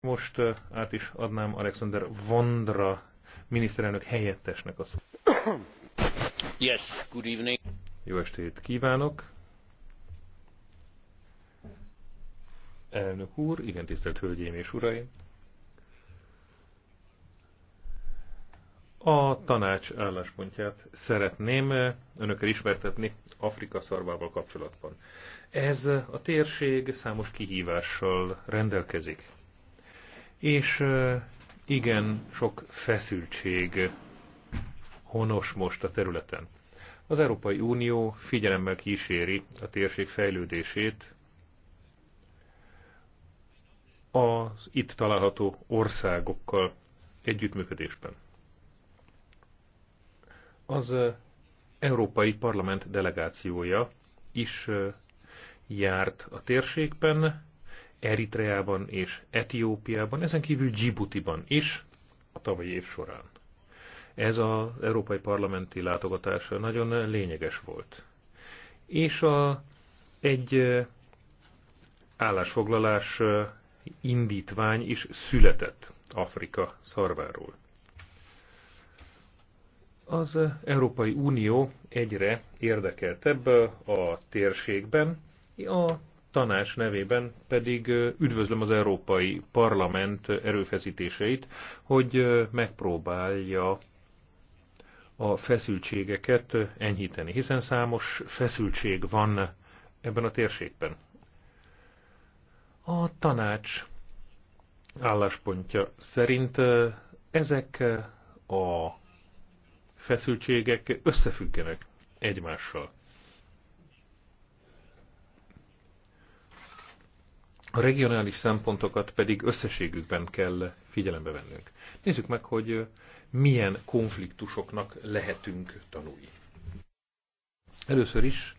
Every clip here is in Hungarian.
Most át is adnám Alexander Vondra miniszterelnök helyettesnek szót. Yes, good evening. Jó estét kívánok. Elnök úr, igen tisztelt hölgyeim és uraim. A tanács álláspontját szeretném önökkel ismertetni Afrika szarvával kapcsolatban. Ez a térség számos kihívással rendelkezik és igen sok feszültség honos most a területen. Az Európai Unió figyelemmel kíséri a térség fejlődését az itt található országokkal együttműködésben. Az Európai Parlament delegációja is járt a térségben, Eritreában és Etiópiában, ezen kívül Djibutiban is a tavalyi év során. Ez az Európai Parlamenti látogatása nagyon lényeges volt. És a, egy állásfoglalás indítvány is született Afrika szarváról. Az Európai Unió egyre érdekeltebb a térségben, a tanács nevében pedig üdvözlöm az Európai Parlament erőfeszítéseit, hogy megpróbálja a feszültségeket enyhíteni, hiszen számos feszültség van ebben a térségben. A tanács álláspontja szerint ezek a feszültségek összefüggenek egymással. A regionális szempontokat pedig összességükben kell figyelembe vennünk. Nézzük meg, hogy milyen konfliktusoknak lehetünk tanulni. Először is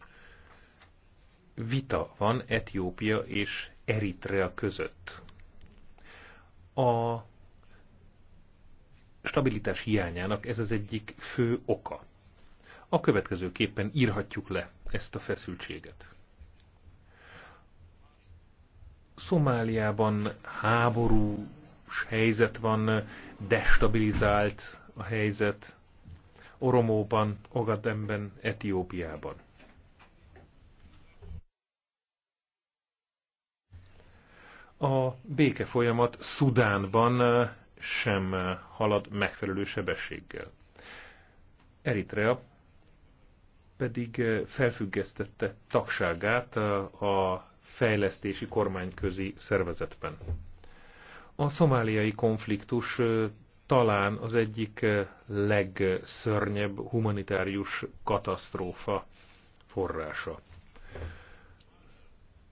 vita van Etiópia és Eritrea között. A stabilitás hiányának ez az egyik fő oka. A következőképpen írhatjuk le ezt a feszültséget. Szomáliában háborús helyzet van, destabilizált a helyzet, Oromóban, Ogadenben, Etiópiában. A béke folyamat Szudánban sem halad megfelelő sebességgel. Eritrea pedig felfüggesztette tagságát a fejlesztési kormányközi szervezetben. A szomáliai konfliktus talán az egyik legszörnyebb humanitárius katasztrófa forrása.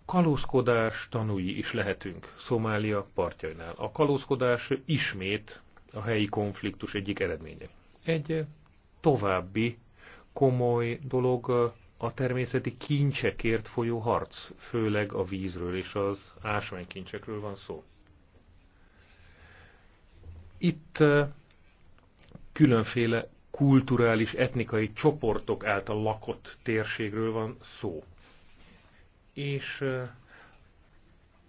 Kalózkodás tanúi is lehetünk Szomália partjainál. A kalózkodás ismét a helyi konfliktus egyik eredménye. Egy további komoly dolog a természeti kincsekért folyó harc, főleg a vízről és az ásványkincsekről van szó. Itt különféle kulturális, etnikai csoportok által lakott térségről van szó. És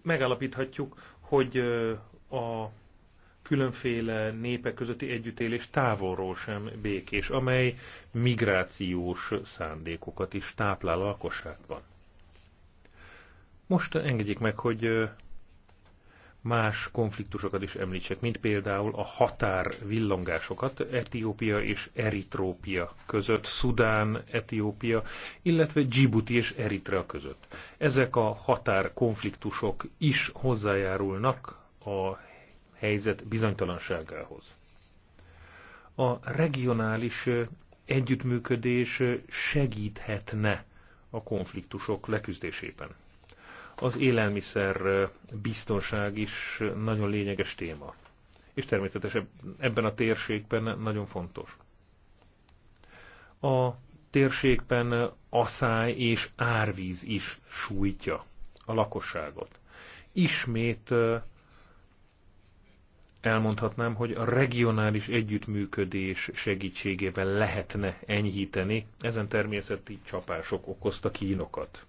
megállapíthatjuk, hogy a különféle népek közötti együttélés távolról sem békés, amely migrációs szándékokat is táplál a lakosságban. Most engedjék meg, hogy más konfliktusokat is említsek, mint például a határ villongásokat Etiópia és Eritrópia között, Szudán, Etiópia, illetve Djibouti és Eritrea között. Ezek a határ konfliktusok is hozzájárulnak a helyzet bizonytalanságához. A regionális együttműködés segíthetne a konfliktusok leküzdésében. Az élelmiszer biztonság is nagyon lényeges téma, és természetesen ebben a térségben nagyon fontos. A térségben aszály és árvíz is sújtja a lakosságot. Ismét elmondhatnám, hogy a regionális együttműködés segítségével lehetne enyhíteni ezen természeti csapások okozta kínokat.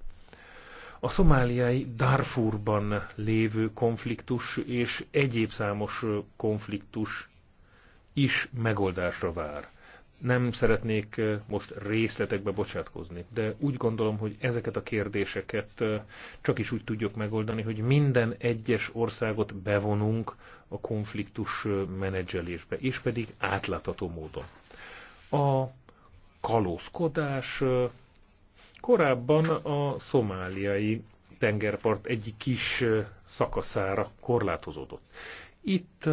A szomáliai Darfurban lévő konfliktus és egyéb számos konfliktus is megoldásra vár. Nem szeretnék most részletekbe bocsátkozni, de úgy gondolom, hogy ezeket a kérdéseket csak is úgy tudjuk megoldani, hogy minden egyes országot bevonunk a konfliktus menedzselésbe, és pedig átlátható módon. A kalózkodás korábban a szomáliai tengerpart egyik kis szakaszára korlátozódott. Itt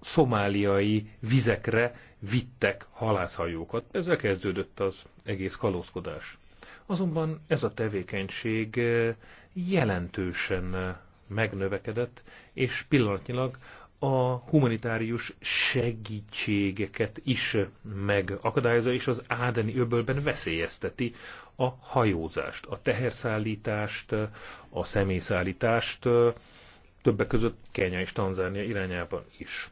szomáliai vizekre vittek halászhajókat. Ezzel kezdődött az egész kalózkodás. Azonban ez a tevékenység jelentősen megnövekedett, és pillanatnyilag a humanitárius segítségeket is megakadályozza, és az Ádeni öbölben veszélyezteti a hajózást, a teherszállítást, a személyszállítást, többek között Kenya és Tanzánia irányában is.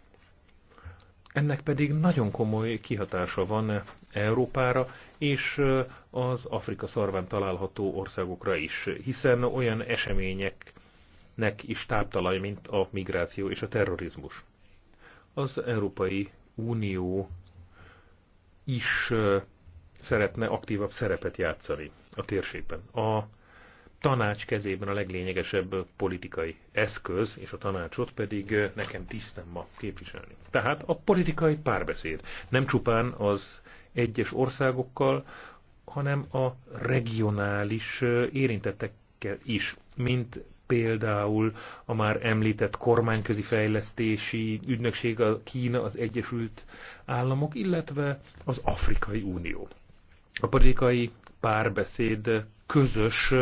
Ennek pedig nagyon komoly kihatása van Európára és az Afrika szarván található országokra is, hiszen olyan események nek is táptalaj, mint a migráció és a terrorizmus. Az Európai Unió is szeretne aktívabb szerepet játszani a térségben. A tanács kezében a leglényegesebb politikai eszköz, és a tanácsot pedig nekem tisztem ma képviselni. Tehát a politikai párbeszéd nem csupán az egyes országokkal, hanem a regionális érintettekkel is, mint például a már említett kormányközi fejlesztési ügynökség, a Kína, az Egyesült Államok, illetve az Afrikai Unió. A politikai párbeszéd közös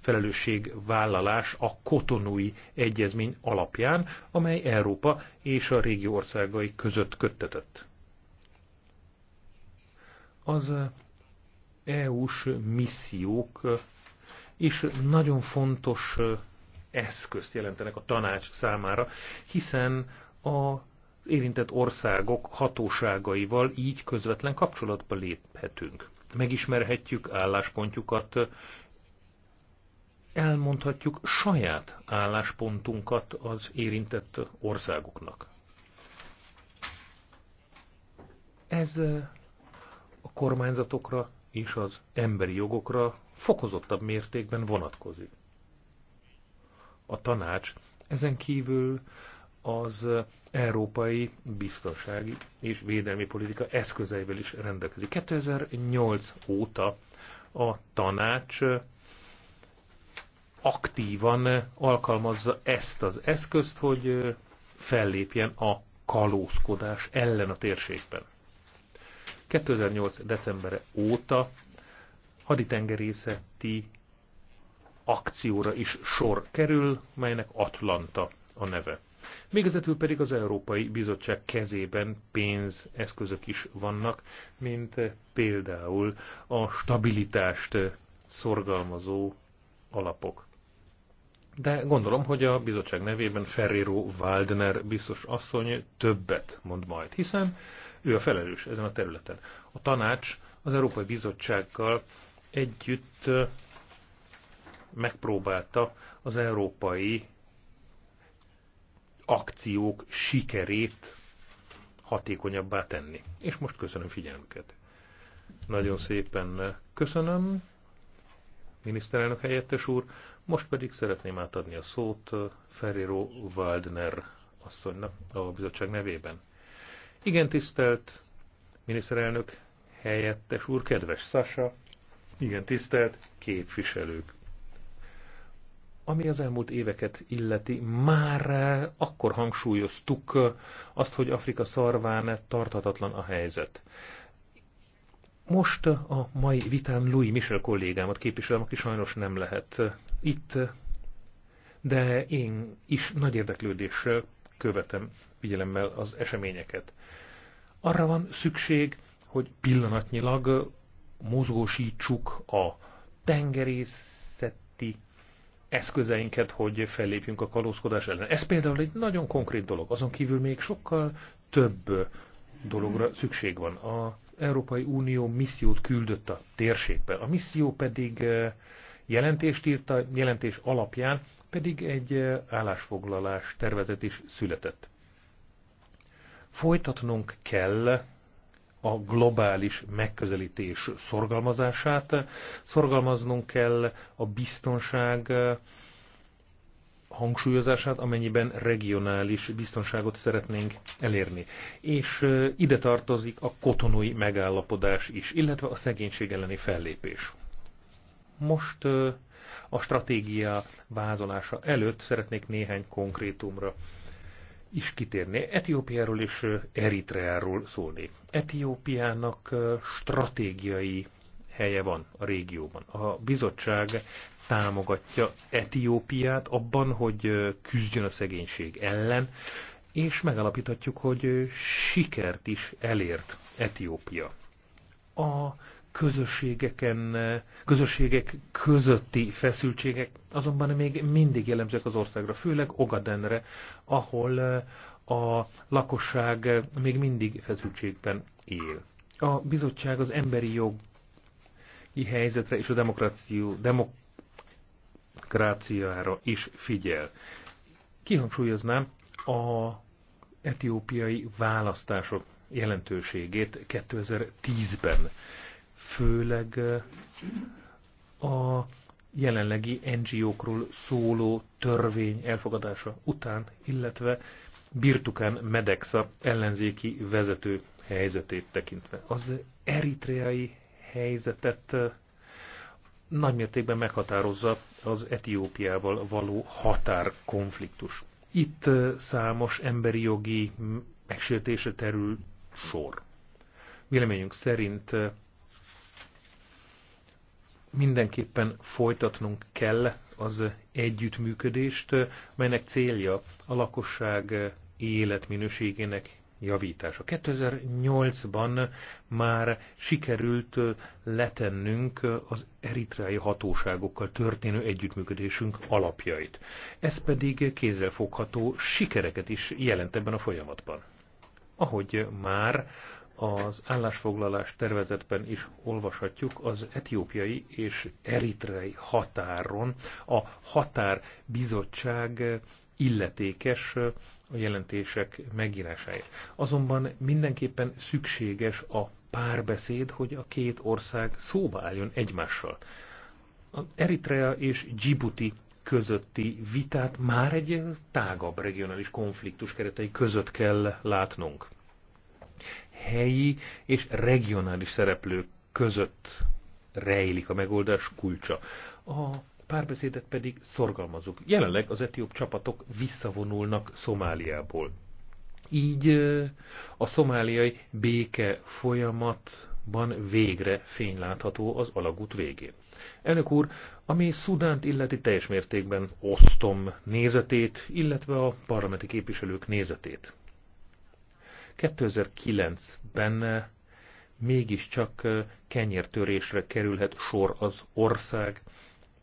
felelősségvállalás a kotonui egyezmény alapján, amely Európa és a régió országai között köttetett. Az EU-s missziók és nagyon fontos eszközt jelentenek a tanács számára, hiszen a érintett országok hatóságaival így közvetlen kapcsolatba léphetünk. Megismerhetjük álláspontjukat, elmondhatjuk saját álláspontunkat az érintett országoknak. Ez a kormányzatokra és az emberi jogokra fokozottabb mértékben vonatkozik a tanács, ezen kívül az európai biztonsági és védelmi politika eszközeivel is rendelkezik. 2008 óta a tanács aktívan alkalmazza ezt az eszközt, hogy fellépjen a kalózkodás ellen a térségben. 2008. decembere óta haditengerészeti akcióra is sor kerül, melynek Atlanta a neve. Végezetül pedig az Európai Bizottság kezében pénzeszközök is vannak, mint például a stabilitást szorgalmazó alapok. De gondolom, hogy a bizottság nevében Ferrero Waldner biztos asszony többet mond majd, hiszen ő a felelős ezen a területen. A tanács az Európai Bizottsággal együtt megpróbálta az európai akciók sikerét hatékonyabbá tenni. És most köszönöm figyelmüket. Nagyon szépen köszönöm, miniszterelnök helyettes úr. Most pedig szeretném átadni a szót Ferrero Waldner asszonynak a bizottság nevében. Igen, tisztelt miniszterelnök helyettes úr, kedves Sasa, igen, tisztelt képviselők. Ami az elmúlt éveket illeti, már eh, akkor hangsúlyoztuk eh, azt, hogy Afrika szarván tarthatatlan a helyzet. Most eh, a mai vitán Louis Michel kollégámat képviselem, aki sajnos nem lehet itt, de én is nagy érdeklődéssel követem figyelemmel az eseményeket. Arra van szükség, hogy pillanatnyilag mozgósítsuk a tengerészeti eszközeinket, hogy fellépjünk a kalózkodás ellen. Ez például egy nagyon konkrét dolog. Azon kívül még sokkal több dologra szükség van. Az Európai Unió missziót küldött a térségbe. A misszió pedig eh, jelentést írt, a jelentés alapján pedig egy eh, állásfoglalás tervezet is született. Folytatnunk kell a globális megközelítés szorgalmazását. Szorgalmaznunk kell a biztonság eh, hangsúlyozását, amennyiben regionális biztonságot szeretnénk elérni. És eh, ide tartozik a kotonói megállapodás is, illetve a szegénység elleni fellépés. Most eh, a stratégia vázolása előtt szeretnék néhány konkrétumra is kitérni. Etiópiáról és Eritreáról szólni. Etiópiának stratégiai helye van a régióban. A bizottság támogatja Etiópiát abban, hogy küzdjön a szegénység ellen, és megalapíthatjuk, hogy sikert is elért Etiópia a közösségeken, közösségek közötti feszültségek azonban még mindig jellemzők az országra, főleg Ogadenre, ahol a lakosság még mindig feszültségben él. A bizottság az emberi jogi helyzetre és a demokráció, demokráciára is figyel. Kihangsúlyoznám a etiópiai választások jelentőségét 2010-ben, főleg eh, a jelenlegi NGO-król szóló törvény elfogadása után, illetve Birtukán Medexa ellenzéki vezető helyzetét tekintve. Az eritreai helyzetet eh, nagymértékben meghatározza az Etiópiával való határkonfliktus. Itt eh, számos emberi jogi megsértése terül sor. Véleményünk szerint mindenképpen folytatnunk kell az együttműködést, melynek célja a lakosság életminőségének javítása. 2008-ban már sikerült letennünk az eritreai hatóságokkal történő együttműködésünk alapjait. Ez pedig kézzelfogható sikereket is jelent ebben a folyamatban. Ahogy már az állásfoglalás tervezetben is olvashatjuk, az etiópiai és eritrei határon a határbizottság illetékes a jelentések megírásáért. Azonban mindenképpen szükséges a párbeszéd, hogy a két ország szóba álljon egymással. Eritrea és Djibouti közötti vitát már egy tágabb regionális konfliktus keretei között kell látnunk. Helyi és regionális szereplők között rejlik a megoldás kulcsa. A párbeszédet pedig szorgalmazunk. Jelenleg az etióp csapatok visszavonulnak Szomáliából. Így a szomáliai béke folyamatban végre fény látható az alagút végén. Elnök úr, ami Szudánt illeti teljes mértékben osztom nézetét, illetve a parlamenti képviselők nézetét. 2009-ben eh, mégiscsak eh, kenyértörésre kerülhet sor az ország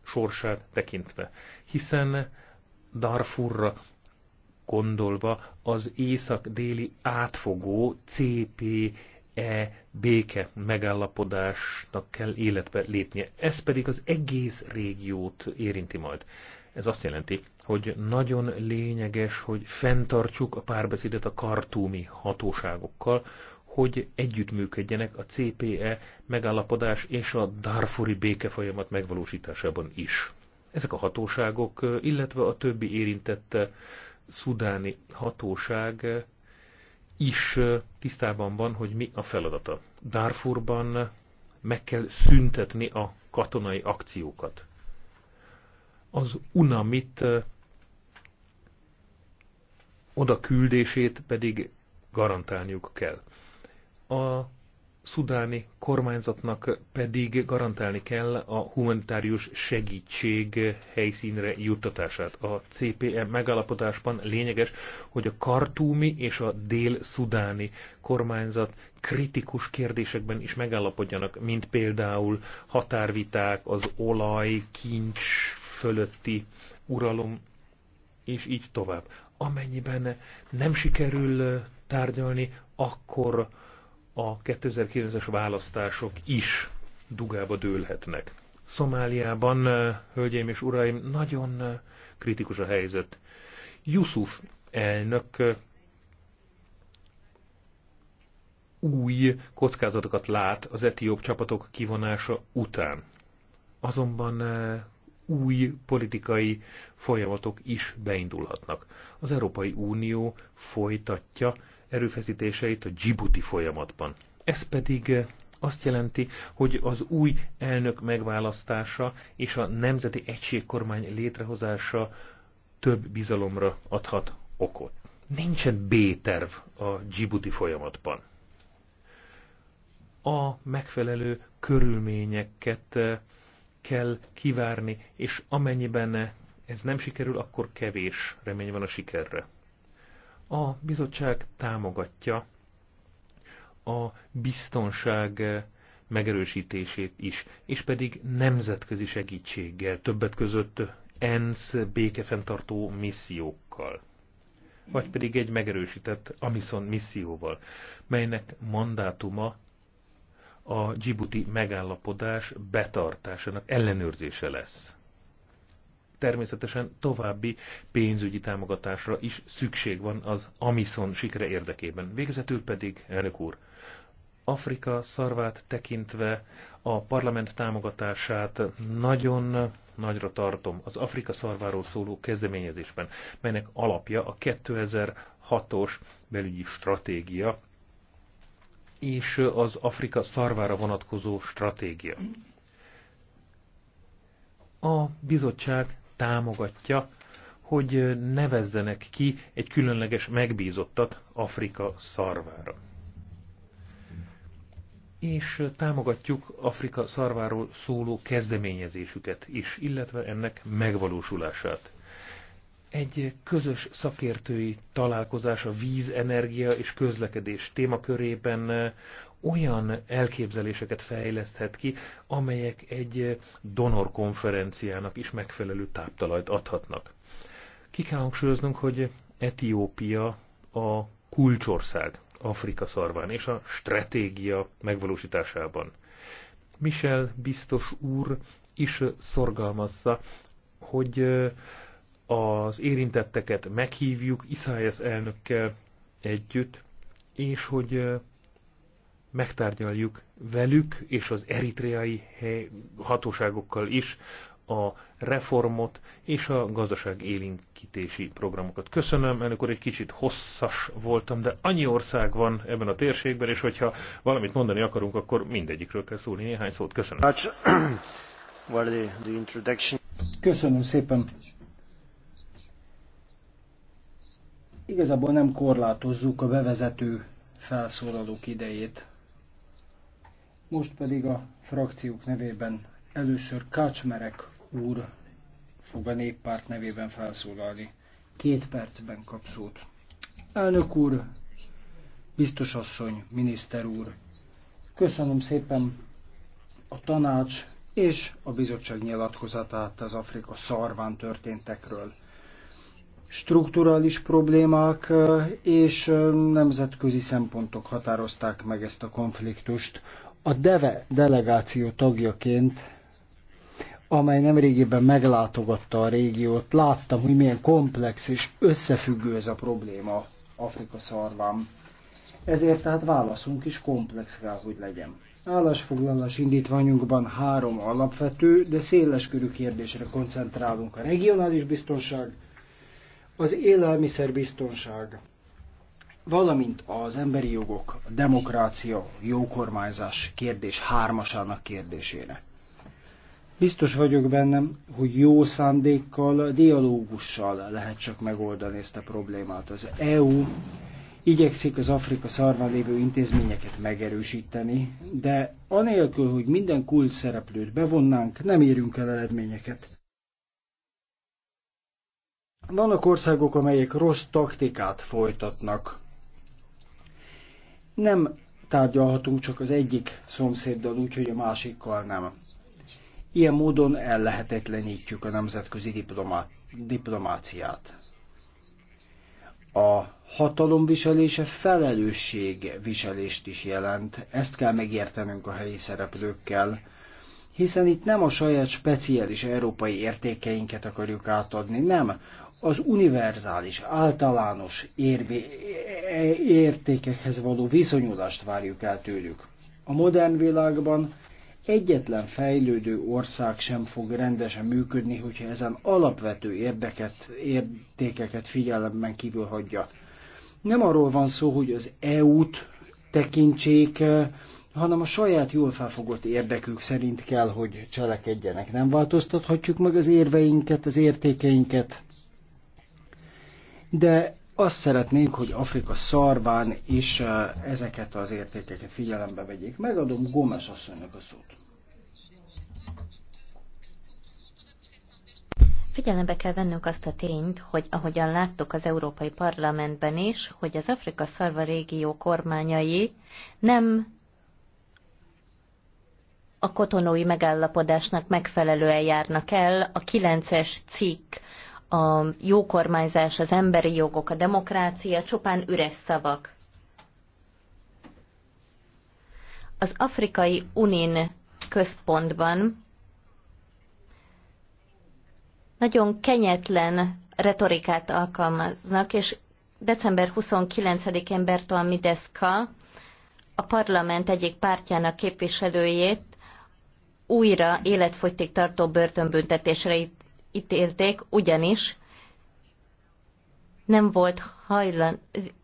sorsát tekintve, hiszen Darfurra gondolva az észak-déli átfogó CP e béke megállapodásnak kell életbe lépnie. Ez pedig az egész régiót érinti majd. Ez azt jelenti, hogy nagyon lényeges, hogy fenntartsuk a párbeszédet a kartúmi hatóságokkal, hogy együttműködjenek a CPE megállapodás és a Darfuri békefolyamat megvalósításában is. Ezek a hatóságok, illetve a többi érintette szudáni hatóság is tisztában van, hogy mi a feladata. Darfurban meg kell szüntetni a katonai akciókat. Az UNAMIT oda küldését pedig garantálniuk kell. A szudáni kormányzatnak pedig garantálni kell a humanitárius segítség helyszínre juttatását. A CPM e megállapodásban lényeges, hogy a kartúmi és a dél-szudáni kormányzat kritikus kérdésekben is megállapodjanak, mint például határviták, az olaj, kincs fölötti uralom, és így tovább. Amennyiben nem sikerül tárgyalni, akkor a 2009-es választások is dugába dőlhetnek. Szomáliában, hölgyeim és uraim, nagyon kritikus a helyzet. Yusuf elnök új kockázatokat lát az etióp csapatok kivonása után. Azonban új politikai folyamatok is beindulhatnak. Az Európai Unió folytatja erőfeszítéseit a Djibouti folyamatban. Ez pedig eh, azt jelenti, hogy az új elnök megválasztása és a nemzeti egységkormány létrehozása több bizalomra adhat okot. Nincsen B-terv a Djibouti folyamatban. A megfelelő körülményeket eh, kell kivárni, és amennyiben ez nem sikerül, akkor kevés remény van a sikerre. A bizottság támogatja a biztonság megerősítését is, és pedig nemzetközi segítséggel, többet között ENSZ békefenntartó missziókkal, vagy pedig egy megerősített Amison misszióval, melynek mandátuma a Djibouti megállapodás betartásának ellenőrzése lesz természetesen további pénzügyi támogatásra is szükség van az Amison sikere érdekében. Végezetül pedig, elnök úr, Afrika szarvát tekintve a parlament támogatását nagyon nagyra tartom az Afrika szarváról szóló kezdeményezésben, melynek alapja a 2006-os belügyi stratégia és az Afrika szarvára vonatkozó stratégia. A bizottság támogatja, hogy nevezzenek ki egy különleges megbízottat Afrika szarvára. És támogatjuk Afrika szarváról szóló kezdeményezésüket is, illetve ennek megvalósulását egy közös szakértői találkozás a víz, energia és közlekedés témakörében olyan elképzeléseket fejleszthet ki, amelyek egy donor konferenciának is megfelelő táptalajt adhatnak. Ki kell hangsúlyoznunk, hogy Etiópia a kulcsország Afrika szarván és a stratégia megvalósításában. Michel biztos úr is szorgalmazza, hogy az érintetteket meghívjuk Iszájes elnökkel együtt, és hogy megtárgyaljuk velük és az eritreai hatóságokkal is a reformot és a gazdaság élinkítési programokat. Köszönöm, ennek egy kicsit hosszas voltam, de annyi ország van ebben a térségben, és hogyha valamit mondani akarunk, akkor mindegyikről kell szólni néhány szót. Köszönöm. Köszönöm szépen. Igazából nem korlátozzuk a bevezető felszólalók idejét. Most pedig a frakciók nevében először Kacsmerek úr fog a néppárt nevében felszólalni. Két percben kap szót. Elnök úr, biztosasszony, miniszter úr, köszönöm szépen a tanács és a bizottság nyilatkozatát az Afrika szarván történtekről strukturális problémák és nemzetközi szempontok határozták meg ezt a konfliktust. A DEVE delegáció tagjaként, amely nemrégiben meglátogatta a régiót, láttam, hogy milyen komplex és összefüggő ez a probléma Afrika szarván. Ezért tehát válaszunk is komplex rá, hogy legyen. Állásfoglalás indítványunkban három alapvető, de körű kérdésre koncentrálunk. A regionális biztonság, az élelmiszerbiztonság, valamint az emberi jogok, a demokrácia, jókormányzás kérdés hármasának kérdésére. Biztos vagyok bennem, hogy jó szándékkal, dialógussal lehet csak megoldani ezt a problémát. Az EU igyekszik az Afrika szarván lévő intézményeket megerősíteni, de anélkül, hogy minden kult szereplőt bevonnánk, nem érünk el eredményeket. Vannak országok, amelyek rossz taktikát folytatnak. Nem tárgyalhatunk csak az egyik szomszéddal, úgyhogy a másikkal nem. Ilyen módon ellehetetlenítjük a nemzetközi diplomá- diplomáciát. A hatalomviselése felelősségviselést is jelent, ezt kell megértenünk a helyi szereplőkkel, hiszen itt nem a saját speciális európai értékeinket akarjuk átadni, nem az univerzális, általános érvé, értékekhez való viszonyulást várjuk el tőlük. A modern világban egyetlen fejlődő ország sem fog rendesen működni, hogyha ezen alapvető érdeket, értékeket figyelemben kívül hagyja. Nem arról van szó, hogy az EU-t tekintsék, hanem a saját jól felfogott érdekük szerint kell, hogy cselekedjenek. Nem változtathatjuk meg az érveinket, az értékeinket, de azt szeretnénk, hogy Afrika szarván is ezeket az értékeket figyelembe vegyék. Megadom Gomes asszonynak a szót. Figyelembe kell vennünk azt a tényt, hogy ahogyan láttuk az Európai Parlamentben is, hogy az Afrika szarva régió kormányai nem a kotonói megállapodásnak megfelelően járnak el a 9-es cikk a jó kormányzás, az emberi jogok, a demokrácia csupán üres szavak. Az Afrikai Unin központban nagyon kenyetlen retorikát alkalmaznak, és december 29-én Bertol Mideszka a parlament egyik pártjának képviselőjét újra életfogytig tartó börtönbüntetésre ítélték, ugyanis nem volt hajlan.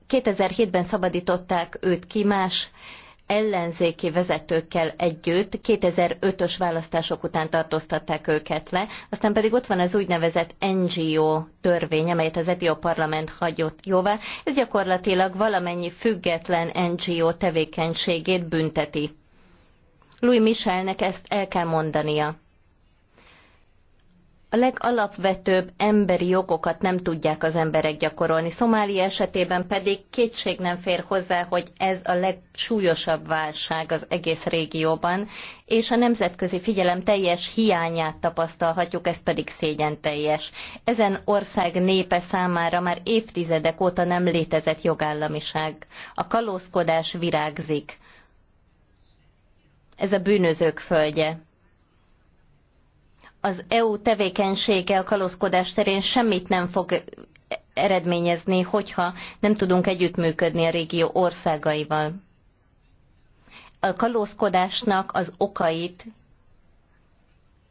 2007-ben szabadították őt ki más ellenzéki vezetőkkel együtt 2005-ös választások után tartóztatták őket le, aztán pedig ott van az úgynevezett NGO törvény, amelyet az Etió Parlament hagyott jóvá. Ez gyakorlatilag valamennyi független NGO tevékenységét bünteti. Louis Michelnek ezt el kell mondania a legalapvetőbb emberi jogokat nem tudják az emberek gyakorolni. Szomália esetében pedig kétség nem fér hozzá, hogy ez a legsúlyosabb válság az egész régióban, és a nemzetközi figyelem teljes hiányát tapasztalhatjuk, ez pedig szégyen teljes. Ezen ország népe számára már évtizedek óta nem létezett jogállamiság. A kalózkodás virágzik. Ez a bűnözők földje az EU tevékenysége a kalózkodás terén semmit nem fog eredményezni, hogyha nem tudunk együttműködni a régió országaival. A kalózkodásnak az okait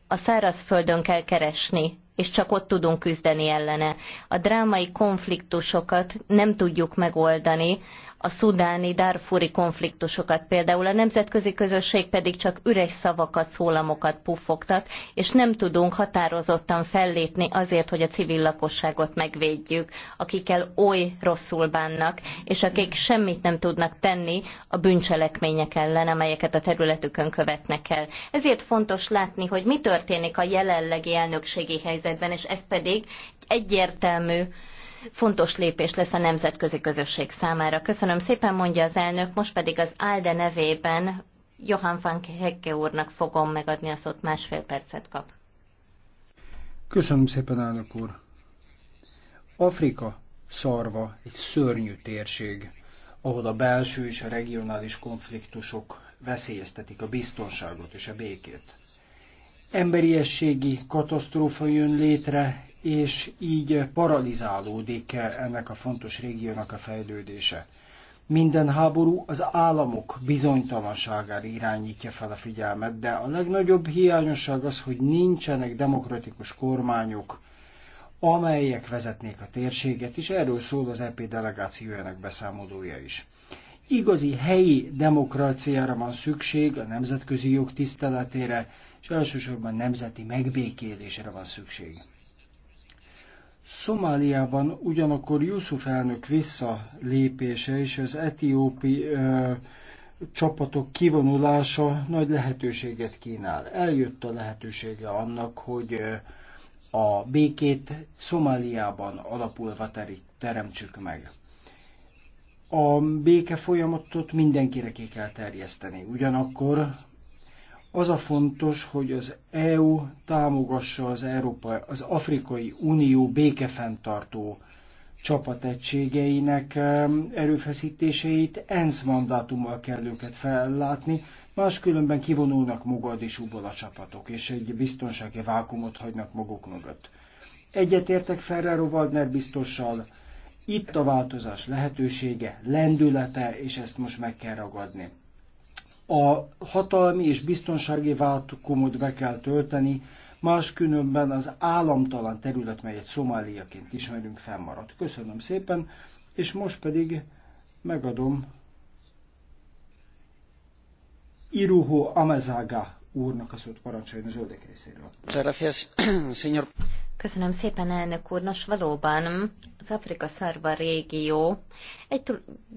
a szárazföldön kell keresni, és csak ott tudunk küzdeni ellene. A drámai konfliktusokat nem tudjuk megoldani a szudáni darfúri konfliktusokat például, a nemzetközi közösség pedig csak üres szavakat, szólamokat puffogtat, és nem tudunk határozottan fellépni azért, hogy a civil lakosságot megvédjük, akikkel oly rosszul bánnak, és akik semmit nem tudnak tenni a bűncselekmények ellen, amelyeket a területükön követnek el. Ezért fontos látni, hogy mi történik a jelenlegi elnökségi helyzetben, és ez pedig egyértelmű fontos lépés lesz a nemzetközi közösség számára. Köszönöm szépen, mondja az elnök, most pedig az ALDE nevében Johan van Hekke úrnak fogom megadni a szót, másfél percet kap. Köszönöm szépen, elnök úr. Afrika szarva egy szörnyű térség, ahol a belső és a regionális konfliktusok veszélyeztetik a biztonságot és a békét. Emberiességi katasztrófa jön létre, és így paralizálódik ennek a fontos régiónak a fejlődése. Minden háború az államok bizonytalanságára irányítja fel a figyelmet, de a legnagyobb hiányosság az, hogy nincsenek demokratikus kormányok, amelyek vezetnék a térséget, és erről szól az EP delegációjának beszámolója is. Igazi helyi demokráciára van szükség, a nemzetközi jog tiszteletére, és elsősorban nemzeti megbékélésre van szükség. Szomáliában ugyanakkor Yusuf elnök visszalépése és az etiópi ö, csapatok kivonulása nagy lehetőséget kínál. Eljött a lehetősége annak, hogy a békét Szomáliában alapulva teremtsük meg. A béke folyamatot mindenkire ki kell terjeszteni. Ugyanakkor az a fontos, hogy az EU támogassa az, Európai, az Afrikai Unió békefenntartó csapategységeinek erőfeszítéseit ENSZ mandátummal kell őket fellátni, máskülönben kivonulnak Mogadisúból a csapatok, és egy biztonsági vákumot hagynak maguk mögött. Egyetértek Ferrero Waldner biztossal, itt a változás lehetősége, lendülete, és ezt most meg kell ragadni a hatalmi és biztonsági vákumot be kell tölteni, máskülönben az államtalan terület, melyet Szomáliaként ismerünk, fennmaradt. Köszönöm szépen, és most pedig megadom Iruho Amezaga úrnak a szót parancsoljon az zöldek részéről. Köszönöm szépen, elnök úr. Nos, valóban az Afrika szarva régió egy,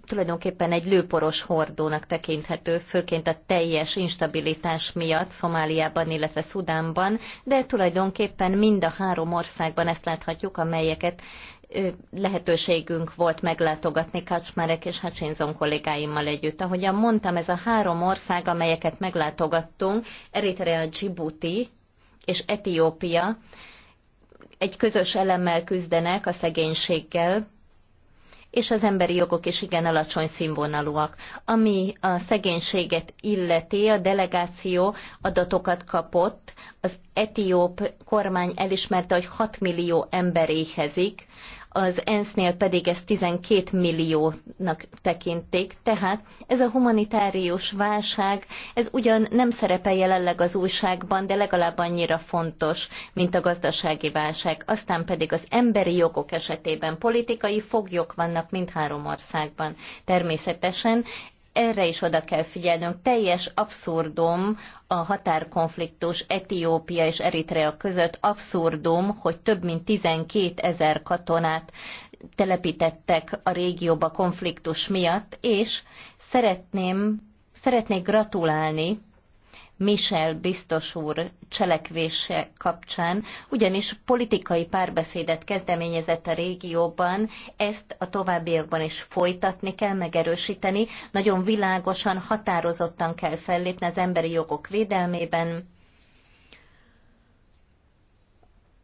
tulajdonképpen egy lőporos hordónak tekinthető, főként a teljes instabilitás miatt Szomáliában, illetve Szudánban, de tulajdonképpen mind a három országban ezt láthatjuk, amelyeket lehetőségünk volt meglátogatni Kacsmarek és Hacsinzon kollégáimmal együtt. Ahogyan mondtam, ez a három ország, amelyeket meglátogattunk, Eritrea, Djibouti és Etiópia, egy közös elemmel küzdenek a szegénységgel, és az emberi jogok is igen alacsony színvonalúak. Ami a szegénységet illeti, a delegáció adatokat kapott, az etióp kormány elismerte, hogy 6 millió ember éhezik, az ENSZ-nél pedig ezt 12 milliónak tekinték. Tehát ez a humanitárius válság, ez ugyan nem szerepel jelenleg az újságban, de legalább annyira fontos, mint a gazdasági válság. Aztán pedig az emberi jogok esetében politikai foglyok vannak mindhárom országban. Természetesen erre is oda kell figyelnünk. Teljes abszurdum a határkonfliktus Etiópia és Eritrea között. Abszurdum, hogy több mint 12 ezer katonát telepítettek a régióba konfliktus miatt, és szeretném, szeretnék gratulálni Michel biztos úr cselekvése kapcsán, ugyanis politikai párbeszédet kezdeményezett a régióban, ezt a továbbiakban is folytatni kell, megerősíteni, nagyon világosan, határozottan kell fellépni az emberi jogok védelmében,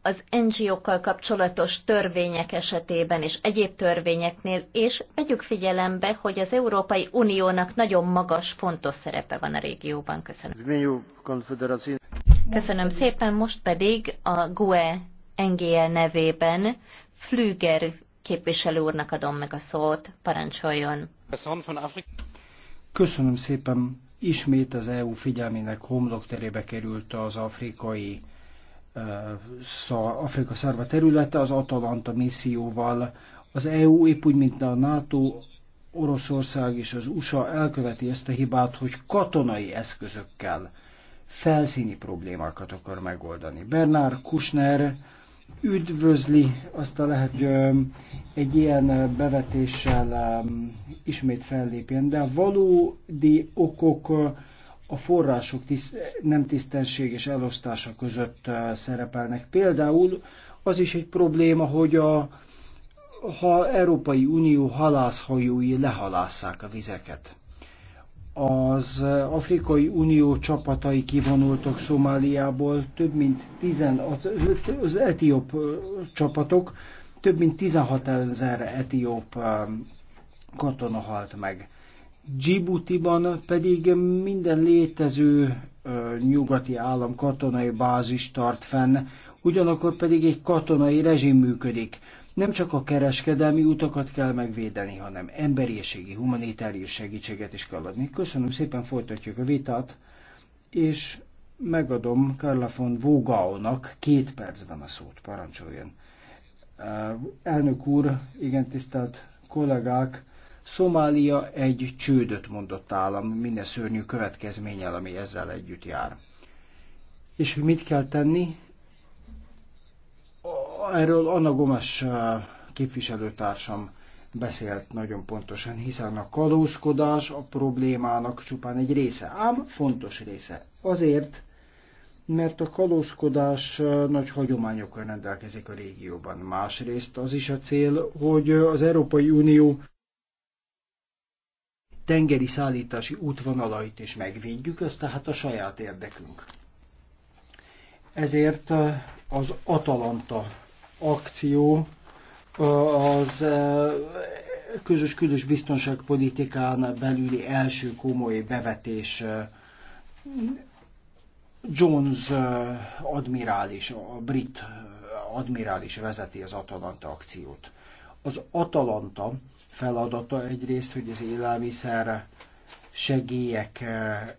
az NGO-kkal kapcsolatos törvények esetében és egyéb törvényeknél, és vegyük figyelembe, hogy az Európai Uniónak nagyon magas, fontos szerepe van a régióban. Köszönöm. Köszönöm szépen, most pedig a GUE NGL nevében Flüger képviselő úrnak adom meg a szót, parancsoljon. Köszönöm szépen. Ismét az EU figyelmének homlokterébe került az afrikai Afrika szarva területe az Atalanta misszióval. Az EU épp úgy, mint a NATO, Oroszország és az USA elköveti ezt a hibát, hogy katonai eszközökkel felszíni problémákat akar megoldani. Bernard Kushner üdvözli azt a lehet, hogy egy ilyen bevetéssel ismét fellépjen, de a valódi okok a források tiszt, nem tisztességes elosztása között eh, szerepelnek. Például az is egy probléma, hogy a ha Európai Unió halászhajói lehalásszák a vizeket. Az eh, Afrikai Unió csapatai kivonultak Szomáliából, több mint 10, az etióp eh, csapatok, több mint 16 ezer etióp katona halt meg. Djibouti-ban pedig minden létező nyugati állam katonai bázis tart fenn, ugyanakkor pedig egy katonai rezsim működik. Nem csak a kereskedelmi utakat kell megvédeni, hanem emberiségi, humanitárius segítséget is kell adni. Köszönöm szépen, folytatjuk a vitát, és megadom Carla von Vogaonak két percben a szót, parancsoljon. Elnök úr, igen tisztelt kollégák, Szomália egy csődöt mondott állam minden szörnyű következménnyel, ami ezzel együtt jár. És hogy mit kell tenni? Erről Anna Gomes eh, képviselőtársam beszélt nagyon pontosan, hiszen a kalózkodás a problémának csupán egy része, ám fontos része. Azért, mert a kalózkodás eh, nagy hagyományokkal rendelkezik a régióban. Másrészt az is a cél, hogy az Európai Unió tengeri szállítási útvonalait is megvédjük, ez tehát a saját érdekünk. Ezért az Atalanta akció az közös külös biztonságpolitikán belüli első komoly bevetés Jones admirális, a brit admirális vezeti az Atalanta akciót. Az Atalanta feladata egyrészt, hogy az élelmiszer segélyek eh,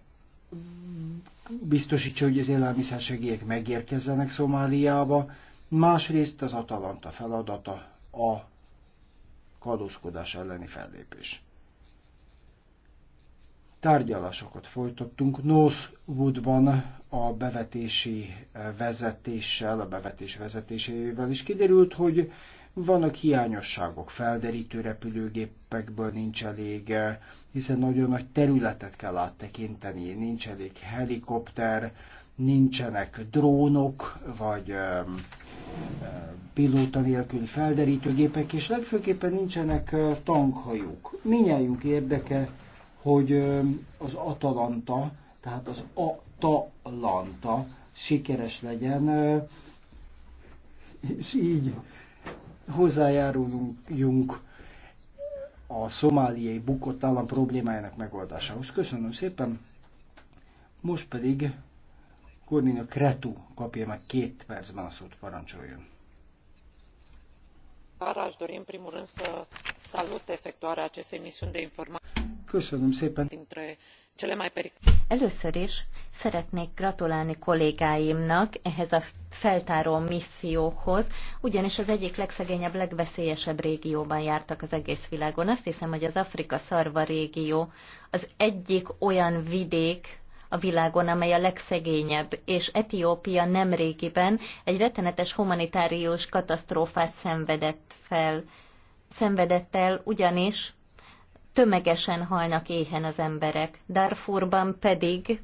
biztosítsa, hogy az élelmiszer segélyek megérkezzenek Szomáliába, másrészt az Atalanta feladata a kadózkodás elleni fellépés. Tárgyalásokat folytattunk Northwoodban a bevetési vezetéssel, a bevetés vezetésével is kiderült, hogy vannak hiányosságok, felderítő repülőgépekből nincs elég, hiszen nagyon nagy területet kell áttekinteni, nincs elég helikopter, nincsenek drónok, vagy pilóta nélküli felderítőgépek, és legfőképpen nincsenek tankhajók. Minnyájunk érdeke, hogy az Atalanta, tehát az Atalanta sikeres legyen, és így hozzájáruljunk a szomáliai bukott állam problémájának megoldásához. Köszönöm szépen. Most pedig Kornina Kretu kapja meg két percben a szót, parancsoljon. de Köszönöm szépen. Először is szeretnék gratulálni kollégáimnak ehhez a feltáró misszióhoz, ugyanis az egyik legszegényebb, legveszélyesebb régióban jártak az egész világon. Azt hiszem, hogy az Afrika szarva régió az egyik olyan vidék, a világon, amely a legszegényebb, és Etiópia nemrégiben egy rettenetes humanitárius katasztrófát szenvedett fel. Szenvedett el, ugyanis tömegesen halnak éhen az emberek. Darfurban pedig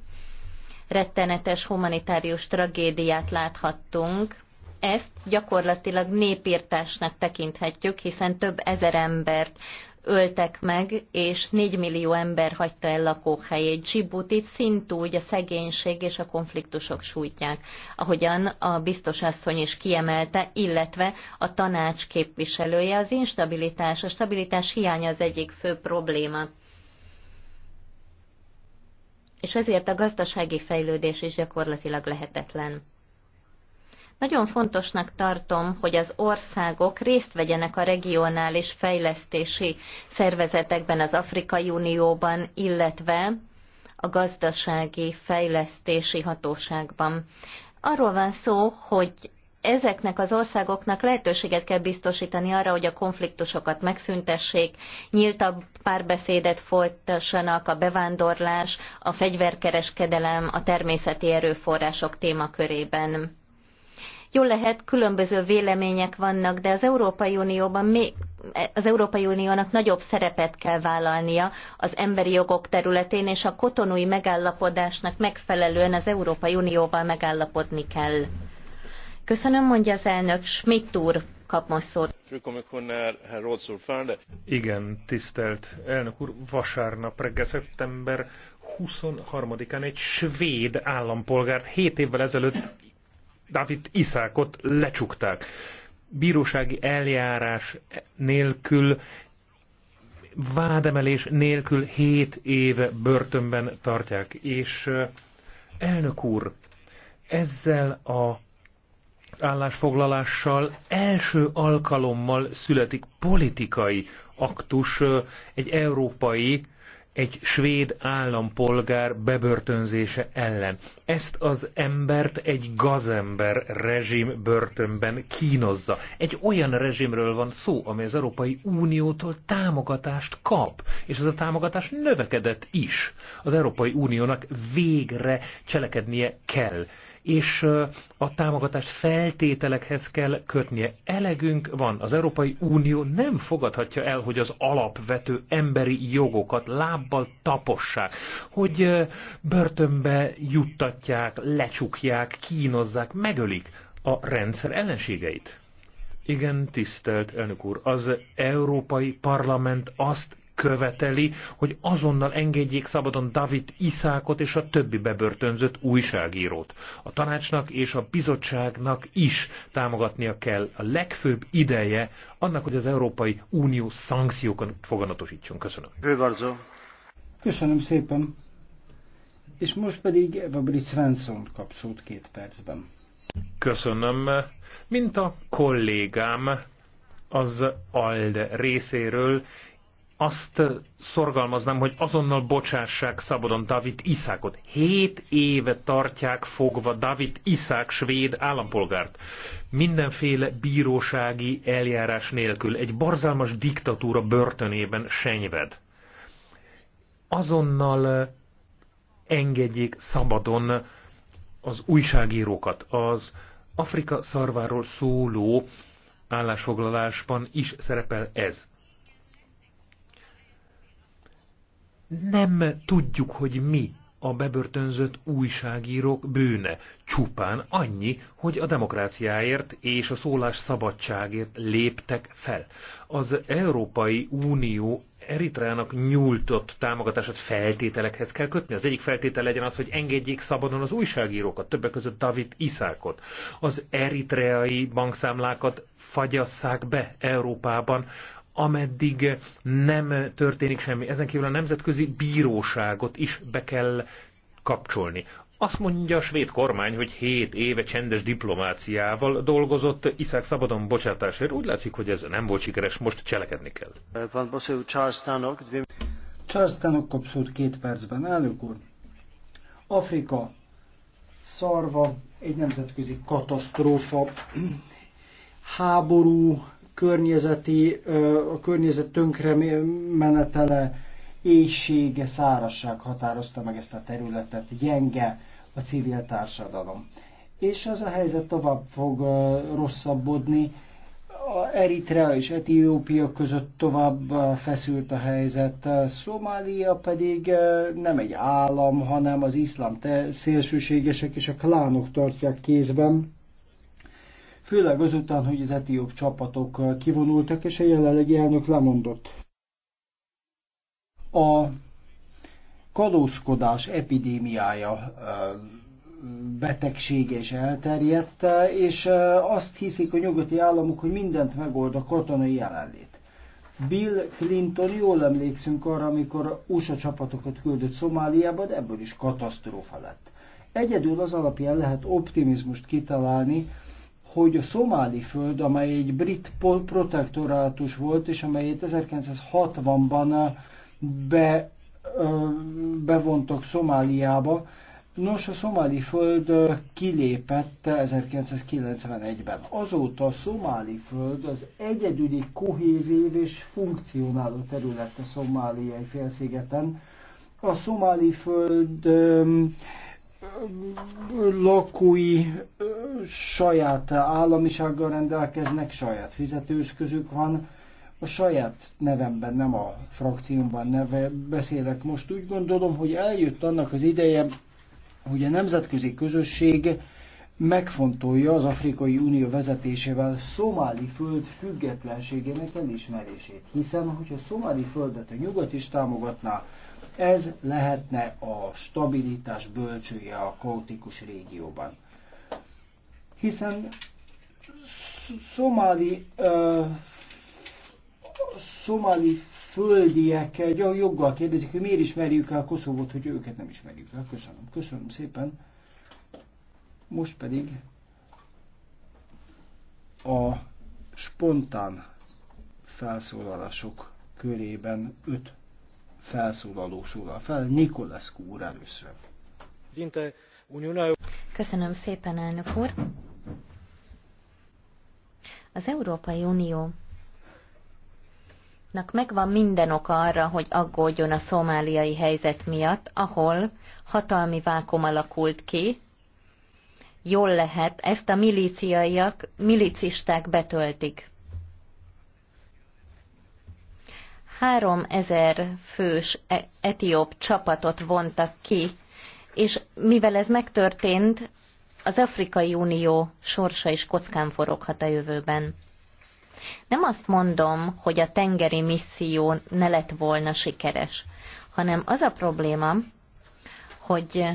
rettenetes humanitárius tragédiát láthattunk. Ezt gyakorlatilag népírtásnak tekinthetjük, hiszen több ezer embert öltek meg, és 4 millió ember hagyta el lakóhelyét. Djiboutit szintúgy a szegénység és a konfliktusok sújtják, ahogyan a biztos asszony is kiemelte, illetve a tanács képviselője az instabilitás, a stabilitás hiánya az egyik fő probléma. És ezért a gazdasági fejlődés is gyakorlatilag lehetetlen. Nagyon fontosnak tartom, hogy az országok részt vegyenek a regionális fejlesztési szervezetekben az Afrikai Unióban, illetve a gazdasági fejlesztési hatóságban. Arról van szó, hogy ezeknek az országoknak lehetőséget kell biztosítani arra, hogy a konfliktusokat megszüntessék, nyíltabb párbeszédet folytassanak a bevándorlás, a fegyverkereskedelem, a természeti erőforrások témakörében. Jó lehet, különböző vélemények vannak, de az Európai Unióban még az Európai Uniónak nagyobb szerepet kell vállalnia az emberi jogok területén, és a kotonui megállapodásnak megfelelően az Európai Unióval megállapodni kell. Köszönöm, mondja az elnök. Schmidt úr kap most szót. Igen, tisztelt elnök úr, vasárnap reggel szeptember 23-án egy svéd állampolgárt 7 évvel ezelőtt Dávid Iszákot lecsukták. Bírósági eljárás nélkül, vádemelés nélkül 7 éve börtönben tartják. És eh, elnök úr, ezzel a az állásfoglalással első alkalommal születik politikai aktus eh, egy európai egy svéd állampolgár bebörtönzése ellen. Ezt az embert egy gazember rezsim börtönben kínozza. Egy olyan rezsimről van szó, amely az Európai Uniótól támogatást kap, és ez a támogatás növekedett is. Az Európai Uniónak végre cselekednie kell és a támogatást feltételekhez kell kötnie. Elegünk van, az Európai Unió nem fogadhatja el, hogy az alapvető emberi jogokat lábbal tapossák, hogy börtönbe juttatják, lecsukják, kínozzák, megölik a rendszer ellenségeit. Igen, tisztelt elnök úr, az Európai Parlament azt követeli, hogy azonnal engedjék szabadon David Iszákot és a többi bebörtönzött újságírót. A tanácsnak és a bizottságnak is támogatnia kell a legfőbb ideje annak, hogy az Európai Unió szankciókat foganatosítson. Köszönöm. Bővarzó. Köszönöm szépen. És most pedig Eva Brit Svensson kap két percben. Köszönöm. Mint a kollégám az ALDE részéről azt szorgalmaznám, hogy azonnal bocsássák szabadon David Iszákot. Hét éve tartják fogva David Iszák svéd állampolgárt. Mindenféle bírósági eljárás nélkül egy barzalmas diktatúra börtönében senyved. Azonnal engedjék szabadon az újságírókat. Az Afrika szarváról szóló állásfoglalásban is szerepel ez nem tudjuk, hogy mi a bebörtönzött újságírók bűne. Csupán annyi, hogy a demokráciáért és a szólás szabadságért léptek fel. Az Európai Unió Eritreának nyújtott támogatását feltételekhez kell kötni. Az egyik feltétel legyen az, hogy engedjék szabadon az újságírókat, többek között David Iszákot. Az eritreai bankszámlákat fagyasszák be Európában, ameddig nem történik semmi. Ezen kívül a nemzetközi bíróságot is be kell kapcsolni. Azt mondja a svéd kormány, hogy 7 éve csendes diplomáciával dolgozott Iszák szabadon bocsátásért. Úgy látszik, hogy ez nem volt sikeres, most cselekedni kell. Charles Tanok kapszult két percben. Elnök úr, Afrika szarva, egy nemzetközi katasztrófa, háború, környezeti, a környezet tönkre menetele, éjsége, szárasság határozta meg ezt a területet, gyenge a civil társadalom. És ez a helyzet tovább fog rosszabbodni, a Eritrea és Etiópia között tovább feszült a helyzet, Szomália pedig nem egy állam, hanem az iszlám szélsőségesek és a klánok tartják kézben főleg azután, hogy az etióp csapatok kivonultak, és a jelenlegi elnök lemondott. A kadóskodás epidémiája betegség és elterjedt, és azt hiszik a nyugati államok, hogy mindent megold a katonai jelenlét. Bill Clinton, jól emlékszünk arra, amikor USA csapatokat küldött Szomáliába, de ebből is katasztrófa lett. Egyedül az alapján lehet optimizmust kitalálni, hogy a szomáli föld, amely egy brit protektorátus volt, és amelyet 1960-ban be, bevontak Szomáliába, nos, a szomáli föld kilépett 1991-ben. Azóta a szomáli föld az egyedüli kohézív és funkcionáló terület a szomáliai félszigeten. A szomáli föld lakói saját államisággal rendelkeznek, saját fizetősközük van, a saját nevemben, nem a frakciómban neve beszélek most. Úgy gondolom, hogy eljött annak az ideje, hogy a nemzetközi közösség megfontolja az Afrikai Unió vezetésével Szomáli föld függetlenségének elismerését. Hiszen, hogyha Szomáli földet a nyugat is támogatná, ez lehetne a stabilitás bölcsője a kaotikus régióban. Hiszen szomáli, uh, szomáli földiek joggal kérdezik, hogy miért ismerjük el Koszovót, hogy őket nem ismerjük el. Köszönöm, köszönöm szépen. Most pedig a spontán felszólalások körében öt felszólaló szólal fel, Nikolescu úr először. Köszönöm szépen, elnök úr. Az Európai Unió megvan minden oka arra, hogy aggódjon a szomáliai helyzet miatt, ahol hatalmi vákum alakult ki, jól lehet, ezt a milíciaiak, milicisták betöltik. 3000 fős e- etióp csapatot vontak ki, és mivel ez megtörtént, az Afrikai Unió sorsa is kockán foroghat a jövőben. Nem azt mondom, hogy a tengeri misszió ne lett volna sikeres, hanem az a probléma, hogy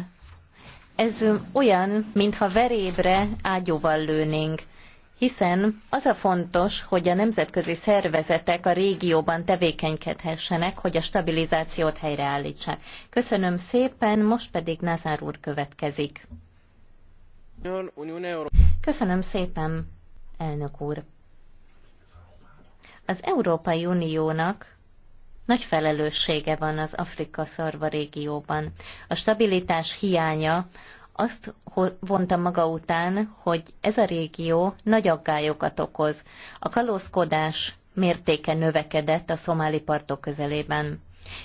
ez olyan, mintha verébre ágyúval lőnénk hiszen az a fontos, hogy a nemzetközi szervezetek a régióban tevékenykedhessenek, hogy a stabilizációt helyreállítsák. Köszönöm szépen, most pedig Nazár úr következik. Köszönöm szépen, elnök úr. Az Európai Uniónak nagy felelőssége van az Afrika szarva régióban. A stabilitás hiánya azt vonta maga után, hogy ez a régió nagy aggályokat okoz. A kalózkodás mértéke növekedett a szomáli partok közelében.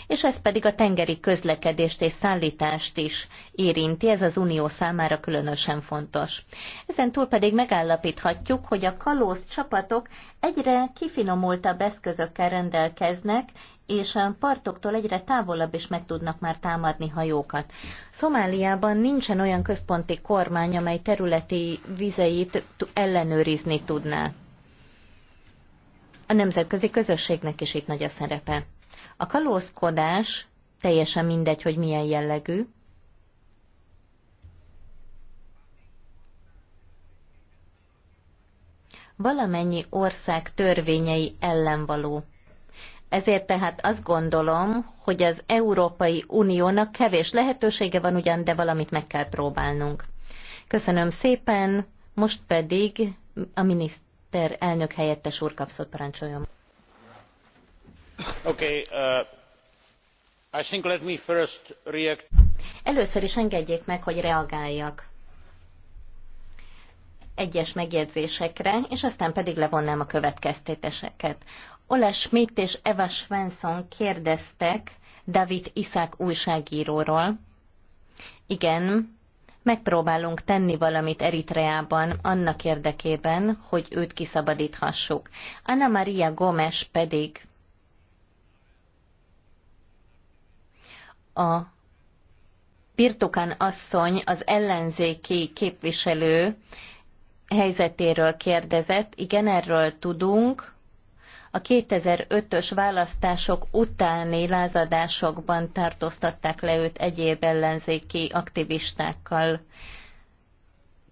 És ez pedig a tengeri közlekedést és szállítást is érinti, ez az unió számára különösen fontos. Ezen túl pedig megállapíthatjuk, hogy a kalóz csapatok egyre kifinomultabb eszközökkel rendelkeznek, és a partoktól egyre távolabb is meg tudnak már támadni hajókat. Szomáliában nincsen olyan központi kormány, amely területi vizeit ellenőrizni tudná. A nemzetközi közösségnek is itt nagy a szerepe. A kalózkodás teljesen mindegy, hogy milyen jellegű, valamennyi ország törvényei ellen való. Ezért tehát azt gondolom, hogy az Európai Uniónak kevés lehetősége van ugyan, de valamit meg kell próbálnunk. Köszönöm szépen, most pedig a miniszter elnök helyettes úr kapszott parancsoljon. Okay, uh, I think let me first react. Először is engedjék meg, hogy reagáljak egyes megjegyzésekre, és aztán pedig levonnám a következtetéseket. Ola Schmidt és Eva Svensson kérdeztek David Iszák újságíróról. Igen, megpróbálunk tenni valamit Eritreában annak érdekében, hogy őt kiszabadíthassuk. Anna Maria Gomes pedig a Pirtukán asszony, az ellenzéki képviselő helyzetéről kérdezett. Igen, erről tudunk a 2005-ös választások utáni lázadásokban tartóztatták le őt egyéb ellenzéki aktivistákkal,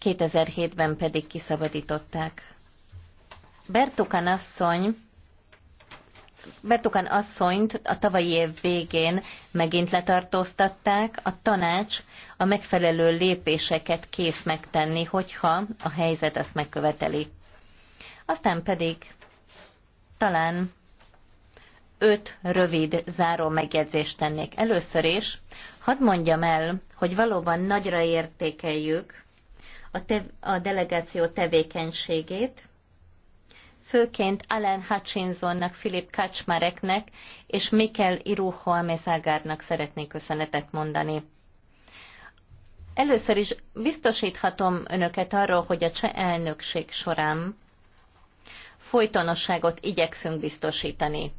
2007-ben pedig kiszabadították. Bertukan asszony Bertukan asszonyt a tavalyi év végén megint letartóztatták, a tanács a megfelelő lépéseket kész megtenni, hogyha a helyzet ezt megköveteli. Aztán pedig talán öt rövid záró megjegyzést tennék. Először is hadd mondjam el, hogy valóban nagyra értékeljük a, te- a delegáció tevékenységét, főként Alan Hutchinsonnak, Philip Kacsmareknek és Mikkel Iruho Amezagárnak szeretnék köszönetet mondani. Először is biztosíthatom önöket arról, hogy a cseh elnökség során folytonosságot igyekszünk biztosítani.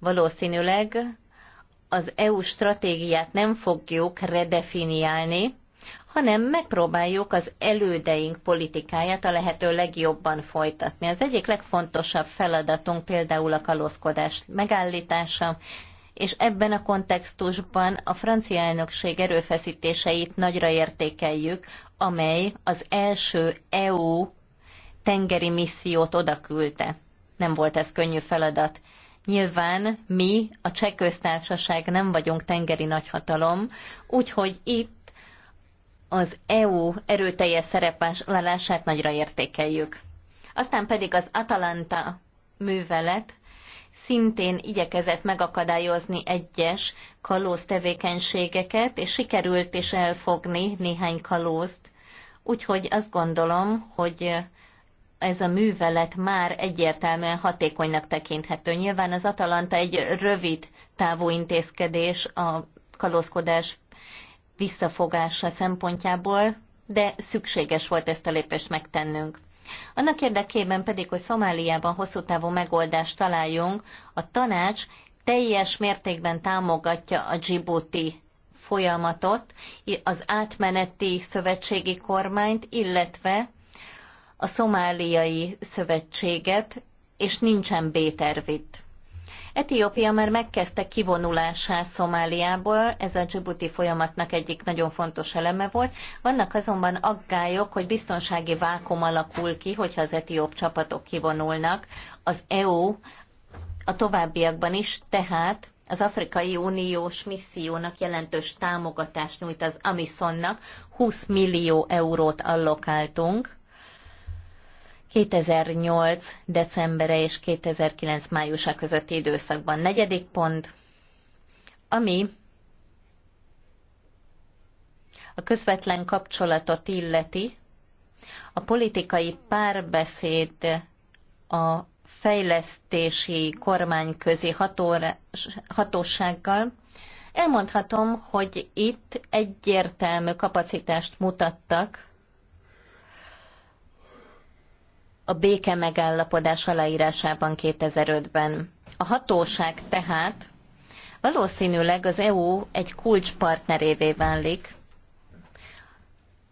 Valószínűleg az EU stratégiát nem fogjuk redefiniálni, hanem megpróbáljuk az elődeink politikáját a lehető legjobban folytatni. Az egyik legfontosabb feladatunk például a kalózkodás megállítása, és ebben a kontextusban a francia elnökség erőfeszítéseit nagyra értékeljük, amely az első EU tengeri missziót odaküldte. Nem volt ez könnyű feladat. Nyilván mi, a cseh köztársaság nem vagyunk tengeri nagyhatalom, úgyhogy itt az EU erőteljes szerepvállalását nagyra értékeljük. Aztán pedig az Atalanta művelet szintén igyekezett megakadályozni egyes kalóz tevékenységeket, és sikerült is elfogni néhány kalózt. Úgyhogy azt gondolom, hogy ez a művelet már egyértelműen hatékonynak tekinthető. Nyilván az Atalanta egy rövid távú intézkedés a kalózkodás visszafogása szempontjából, de szükséges volt ezt a lépést megtennünk. Annak érdekében pedig, hogy Szomáliában hosszú távú megoldást találjunk, a tanács teljes mértékben támogatja a Djibouti folyamatot, az átmeneti szövetségi kormányt, illetve a szomáliai szövetséget, és nincsen B-tervit. Etiópia már megkezdte kivonulását Szomáliából, ez a Djibouti folyamatnak egyik nagyon fontos eleme volt. Vannak azonban aggályok, hogy biztonsági vákum alakul ki, hogyha az etióp csapatok kivonulnak. Az EU a továbbiakban is, tehát az Afrikai Uniós missziónak jelentős támogatást nyújt az Amisonnak, 20 millió eurót allokáltunk, 2008. decembere és 2009. májusa közötti időszakban. Negyedik pont, ami a közvetlen kapcsolatot illeti, a politikai párbeszéd a fejlesztési kormányközi hatósággal. Elmondhatom, hogy itt egyértelmű kapacitást mutattak a béke megállapodás aláírásában 2005-ben. A hatóság tehát valószínűleg az EU egy kulcspartnerévé válik,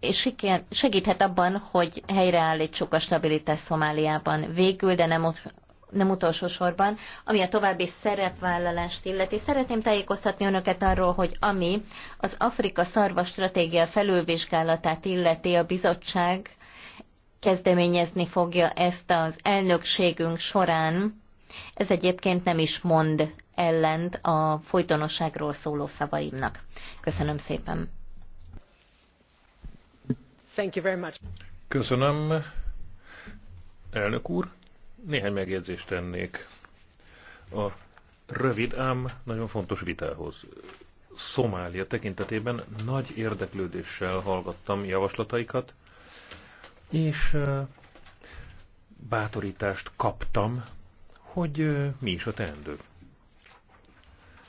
és segíthet abban, hogy helyreállítsuk a stabilitás Szomáliában. Végül, de nem, nem utolsó sorban, ami a további szerepvállalást illeti. Szeretném tájékoztatni önöket arról, hogy ami az Afrika szarva stratégia felülvizsgálatát illeti a bizottság kezdeményezni fogja ezt az elnökségünk során. Ez egyébként nem is mond ellent a folytonosságról szóló szavaimnak. Köszönöm szépen. Thank you very much. Köszönöm, elnök úr. Néhány megjegyzést tennék a rövid, ám nagyon fontos vitához. Szomália tekintetében nagy érdeklődéssel hallgattam javaslataikat, és bátorítást kaptam, hogy mi is a teendő.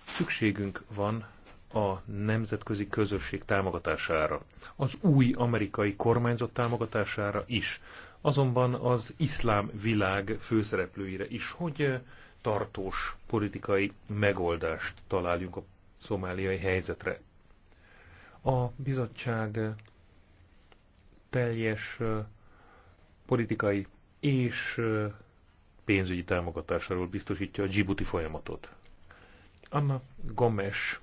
Szükségünk van a nemzetközi közösség támogatására, az új amerikai kormányzat támogatására is, azonban az iszlám világ főszereplőire is, hogy tartós politikai megoldást találjunk a szomáliai helyzetre. A bizottság teljes politikai és pénzügyi támogatásáról biztosítja a Djibouti folyamatot. Anna Gomes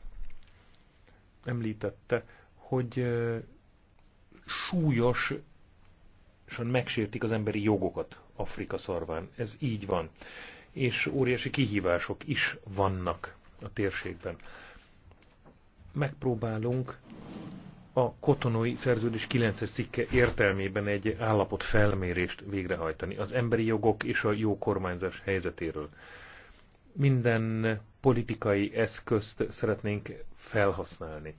említette, hogy súlyos megsértik az emberi jogokat Afrika szarván. Ez így van. És óriási kihívások is vannak a térségben. Megpróbálunk a kotonói szerződés 9 cikke értelmében egy állapot felmérést végrehajtani az emberi jogok és a jó kormányzás helyzetéről. Minden politikai eszközt szeretnénk felhasználni.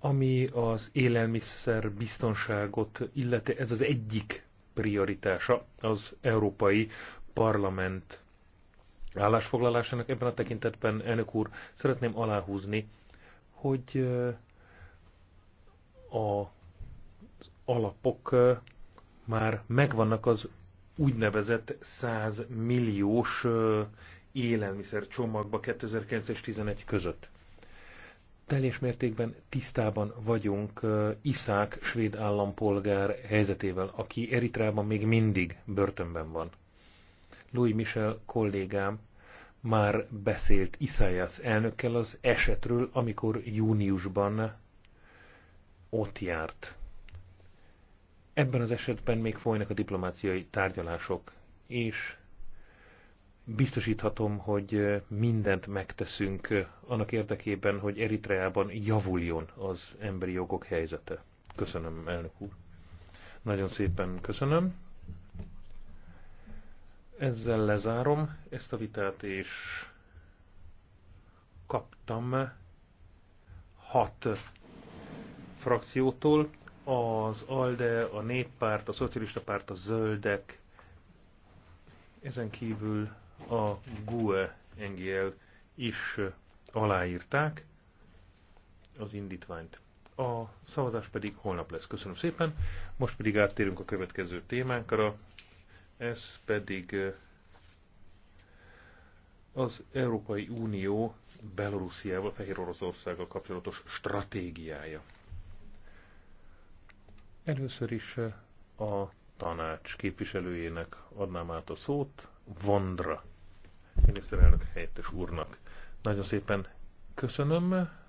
Ami az élelmiszer biztonságot illeti, ez az egyik prioritása az Európai Parlament állásfoglalásának ebben a tekintetben, elnök úr, szeretném aláhúzni, hogy a alapok már megvannak az úgynevezett 100 milliós élelmiszer csomagba 2009 és 2011 között. Teljes mértékben tisztában vagyunk Iszák svéd állampolgár helyzetével, aki Eritrában még mindig börtönben van. Louis Michel kollégám már beszélt Iszájász elnökkel az esetről, amikor júniusban ott járt. Ebben az esetben még folynak a diplomáciai tárgyalások, és biztosíthatom, hogy mindent megteszünk annak érdekében, hogy Eritreában javuljon az emberi jogok helyzete. Köszönöm, elnök úr. Nagyon szépen köszönöm. Ezzel lezárom ezt a vitát, és kaptam hat frakciótól, az ALDE, a Néppárt, a Szocialista Párt, a Zöldek, ezen kívül a GUE NGL is aláírták az indítványt. A szavazás pedig holnap lesz. Köszönöm szépen. Most pedig áttérünk a következő témánkra. Ez pedig eh, az Európai Unió Belorussziával, Fehér Oroszországgal kapcsolatos stratégiája. Először is eh, a tanács képviselőjének adnám át a szót, Vondra, miniszterelnök helyettes úrnak. Nagyon szépen köszönöm,